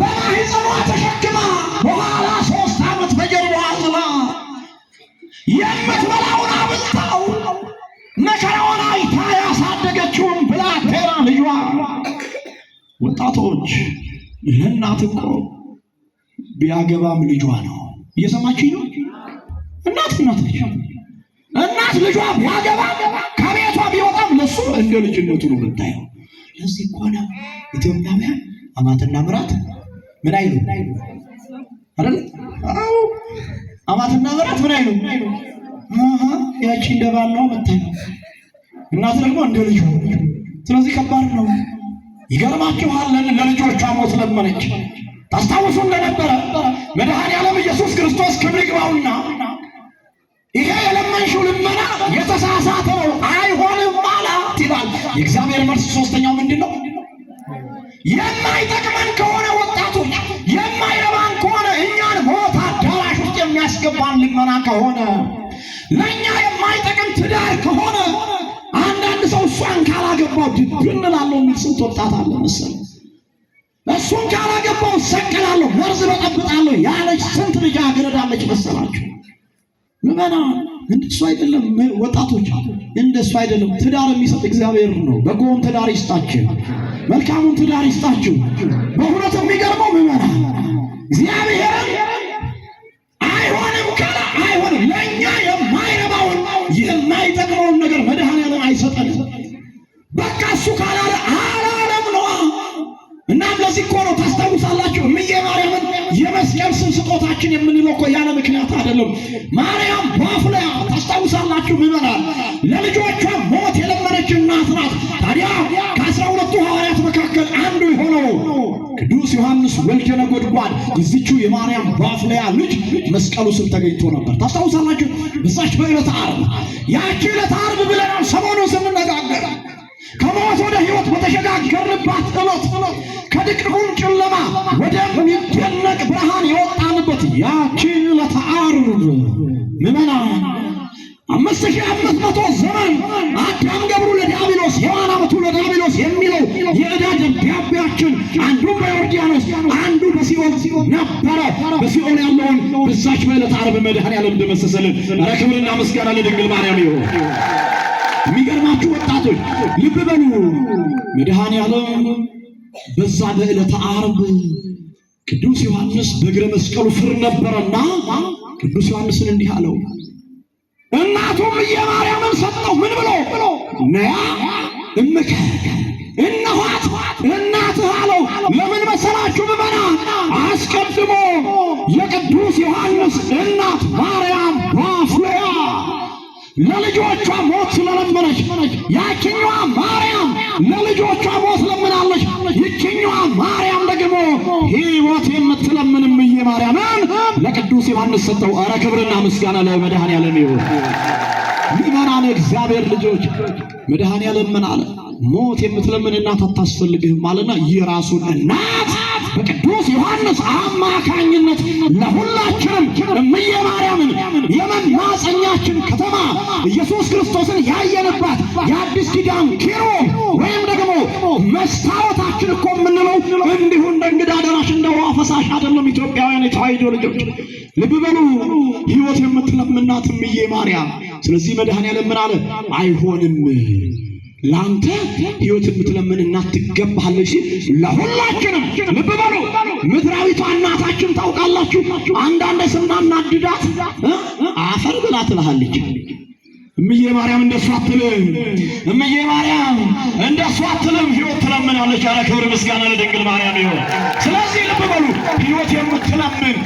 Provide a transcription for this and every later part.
በማህፀኗ ተሸክማ በኋላ ሶስት ዓመት በጀርባ ዝላ የምትበላውን አብልታው መከራውን አይታ ያሳደገችውን ብላቴና ልጇ። ወጣቶች ለእናት እኮ ቢያገባም ልጇ ነው። እየሰማችሁ ነው? እናት እናት ልጅ እናት ልጇ ቢያገባ ከቤቷ ቢወጣም ለሱ እንደ ልጅነቱ ነው የምታየው። ለዚህ እኮ ነው ኢትዮጵያውያን አማትና ምራት ምን አይሉ አይደል? አማትና መራት ምን አይሉ አሃ ያቺ እንደ ባል ነው መታየው፣ እናት ደግሞ እንደ ልጅ ነው። ስለዚህ ከባድ ነው። ይገርማችኋል። ለልጆቿ ሞት ለመነች። ታስታውሱ እንደነበረ መድኃኔዓለም ኢየሱስ ክርስቶስ ክብር ይግባውና ይሄ የለመንሽው ልመና የተሳሳተ ነው አይሆንም አላት ይላል። የእግዚአብሔር መልስ ሶስተኛው ምንድን ነው? የማይጠቅመን ከሆነ ለእኛ የማይጠቅም ትዳር ከሆነ አንዳንድ ሰው እሷን ካላገባው ድብን እላለሁ የሚል ስንት ወጣት አለ መሰለኝ። እሱን ካላገባው ሰቅላለሁ፣ መርዝ በጠብጣለሁ ያለች ስንት ልጃገረድ አገረዳለች መሰላችሁ? ምመና እንደሱ አይደለም ወጣቶች፣ እንደሱ አይደለም። ትዳር የሚሰጥ እግዚአብሔር ነው። በጎውን ትዳር ይስጣችሁ፣ መልካሙን ትዳር ይስጣችሁ። በእውነት የሚገርመው ምመና እግዚአብሔር እና ለዚህ እኮ ነው ታስታውሳላችሁ፣ እምዬ ማርያምን የመስቀል ስም ስጦታችን የምንለው እኮ ያለ ምክንያት አይደለም። ማርያም ባፍልያ ታስታውሳላችሁ፣ ምመናል ለልጆቿ ሞት የለመነች እናት ናት። ታዲያ ከአስራ ሁለቱ ሐዋርያት መካከል አንዱ የሆነው ቅዱስ ዮሐንስ ወልደ ነጎድጓድ እዚቹ የማርያም ባፍለያ ልጅ መስቀሉ ስም ተገኝቶ ነበር። ታስታውሳላችሁ፣ በዛች በዕለተ ዓርብ ያቺ ዕለተ ዓርብ ብለናል ሰሞኑን ስንነገ ከሞት ወደ ሕይወት በተሸጋገርንባት ዕለት ከድቅቁን ጨለማ ወደሚደነቅ ብርሃን የወጣንበት ያቺ ዕለተ ዓርብ ምመና አምስት ሺህ አምስት መቶ ዘመን አዳም ገብሩ ለዲያብሎስ ሔዋን አመቱ ለዲያብሎስ የሚለው የዕዳ ደብዳቤያችን አንዱ በዮርዳኖስ አንዱ በሲኦል ነበረ። በሲኦል ያለውን በዛች በዕለተ ዓርብ መድኃኔዓለም ደመሰሰልን። ኧረ ክብርና ምስጋና ለድንግል ማርያም ይሁን። የሚገርማችሁ ወጣቶች ልብ በሉ። መድኃኔዓለም በዛ በዕለተ ዓርብ ቅዱስ ዮሐንስ በእግረ መስቀሉ ስር ነበረና ቅዱስ ዮሐንስን እንዲህ አለው፣ እናቱም እየማርያምን ሰጠው ምን ብሎ ነያ እምከ ለልጆቿ ሞት ስለለመነች ያችኛዋ ማርያም ለልጆቿ ሞት ለምናለች። ይችኛዋ ማርያም ደግሞ ሕይወት የምትለምን እምዬ ማርያምን ለቅዱስ ዮሐንስ ሰጠው። ክብርና ምስጋና ለመድኃኔዓለም ይሁን። ምእመናን፣ እግዚአብሔር ልጆች መድኃኔዓለም ምን አለ? ሞት የምትለምን እናት አታስፈልግህም አለና የራሱን እናት በቅዱስ ዮሐንስ አማካኝነት ለሁላችንም እምዬ ማርያምን የመማፀኛችን ከተማ ኢየሱስ ክርስቶስን ያየንባት የአዲስ ኪዳን ኪሩብ ወይም ደግሞ መስታወታችን እኮ የምንለው እንዲሁ እንደ እንግዳ ደራሽ እንደ ውሃ ፈሳሽ አይደለም። ኢትዮጵያውያን የተዋሕዶ ልጆች ልብ በሉ፣ ሕይወት የምትለምናት እምዬ ማርያም። ስለዚህ መድኃኔዓለም ምን አለ? አይሆንም ለአንተ ህይወት የምትለምን እናት ትገባለች። ለሁላችንም ልብ በሉ። ምድራዊቷ እናታችን ታውቃላችሁ፣ አንዳንድ ስናናድዳት አፈር ብላ ትልሃለች። እምዬ ማርያም እንደሷ አትልም። እምዬ ማርያም እንደሷ አትልም። ህይወት ትለምናለች። ያለ ክብር ምስጋና ለድንግል ማርያም ይሁን። ስለዚህ ልብ በሉ ህይወት የምትለምን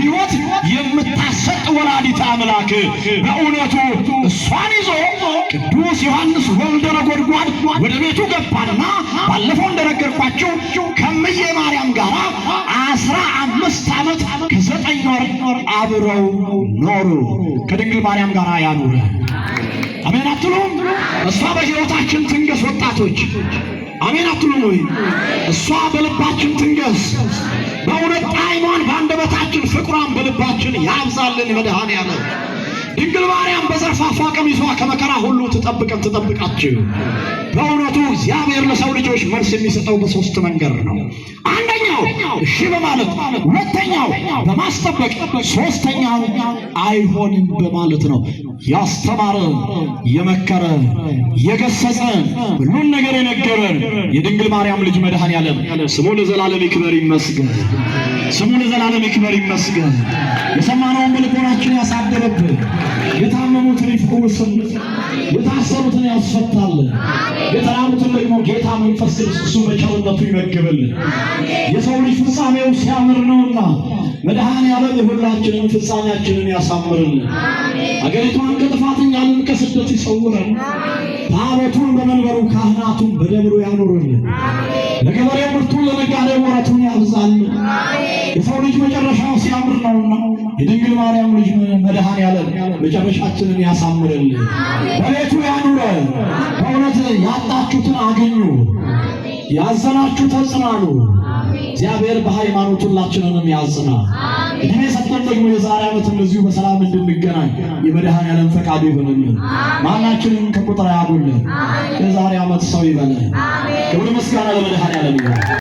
ህይወት የምታሰጥ ወላዲት አምላክ በእውነቱ እሷን ይዞ ቅዱስ ዮሐንስ ወልደ ነጎድጓድ ወደ ቤቱ ገባና ባለፈው እንደነገርኳቸው ከእምዬ ማርያም ጋር አስራ አምስት ዓመት ከዘጠኝ ወር አብረው ኖሩ። ከድንግል ማርያም ጋር ያኑረ። አሜን አትሉም? እሷ በሕይወታችን ትንገስ ወጣቶች። አሜን አትሉም ወይ? እሷ በልባችን ትንገስ። በእውነት ጣዕሟን በአንደበታችን ፍቅሯን በልባችን ያብዛልን መድኃኔ ዓለም። ድንግል ማርያም በዘርፋፋ ቀሚሷ ከመከራ ሁሉ ትጠብቀን ትጠብቃችሁ። በእውነቱ እግዚአብሔር ለሰው ልጆች መልስ የሚሰጠው በሶስት መንገድ ነው። አንደኛው እሺ በማለት ሁለተኛው በማስጠበቅ ሶስተኛው አይሆንም በማለት ነው። ያስተማረ፣ የመከረ፣ የገሰጸ ሁሉን ነገር የነገረን የድንግል ማርያም ልጅ መድሃን ዓለም ስሙ ለዘላለም ይክበር ይመስገን። ስሙ ለዘላለም ይክበር ይመስገን። የሰማነውን በልቦናችን ያሳደረብን የታመሙትን ይፈውስልን፣ የታሰሩትን ያስፈታልን፣ የተራቡትን ደግሞ ጌታ መንፈስ እሱ በቸርነቱ ይመግብልን። የሰው ልጅ ፍጻሜው ሲያምር ነውና መድኃኔዓለም የሁላችንን ፍጻሜያችንን ያሳምርልን። አገሪቷን ከጥፋትኛልን ከስደት ይሰውረን። ታቦቱን በመንበሩ ካህናቱን በደብሩ ያኖርልን። ለገበሬው ምርቱን ለነጋዴ ወረቱን ያብዛልን። የሰው ልጅ መጨረሻው ሲያምር ነውና የድንግል ማርያም ልጅ መድኃኔ ዓለም መጨረሻችንን ያሳምርልን። በቤቱ ያኑረን። በእውነት ያጣችሁትን አግኙ፣ ያዘናችሁ ተጽናኑ። እግዚአብሔር በሃይማኖት ሁላችንንም ያጽና። እድሜ ሰጥቶን ደግሞ የዛሬ ዓመት እንደዚሁ በሰላም እንድንገናኝ የመድኃኔዓለም ፈቃዱ ይሆንልን። ማናችንም ከቁጥር አያጎለን። የዛሬ ዓመት ሰው ይበለን። ክብር ምስጋና ለመድኃኔዓለም ይሆን።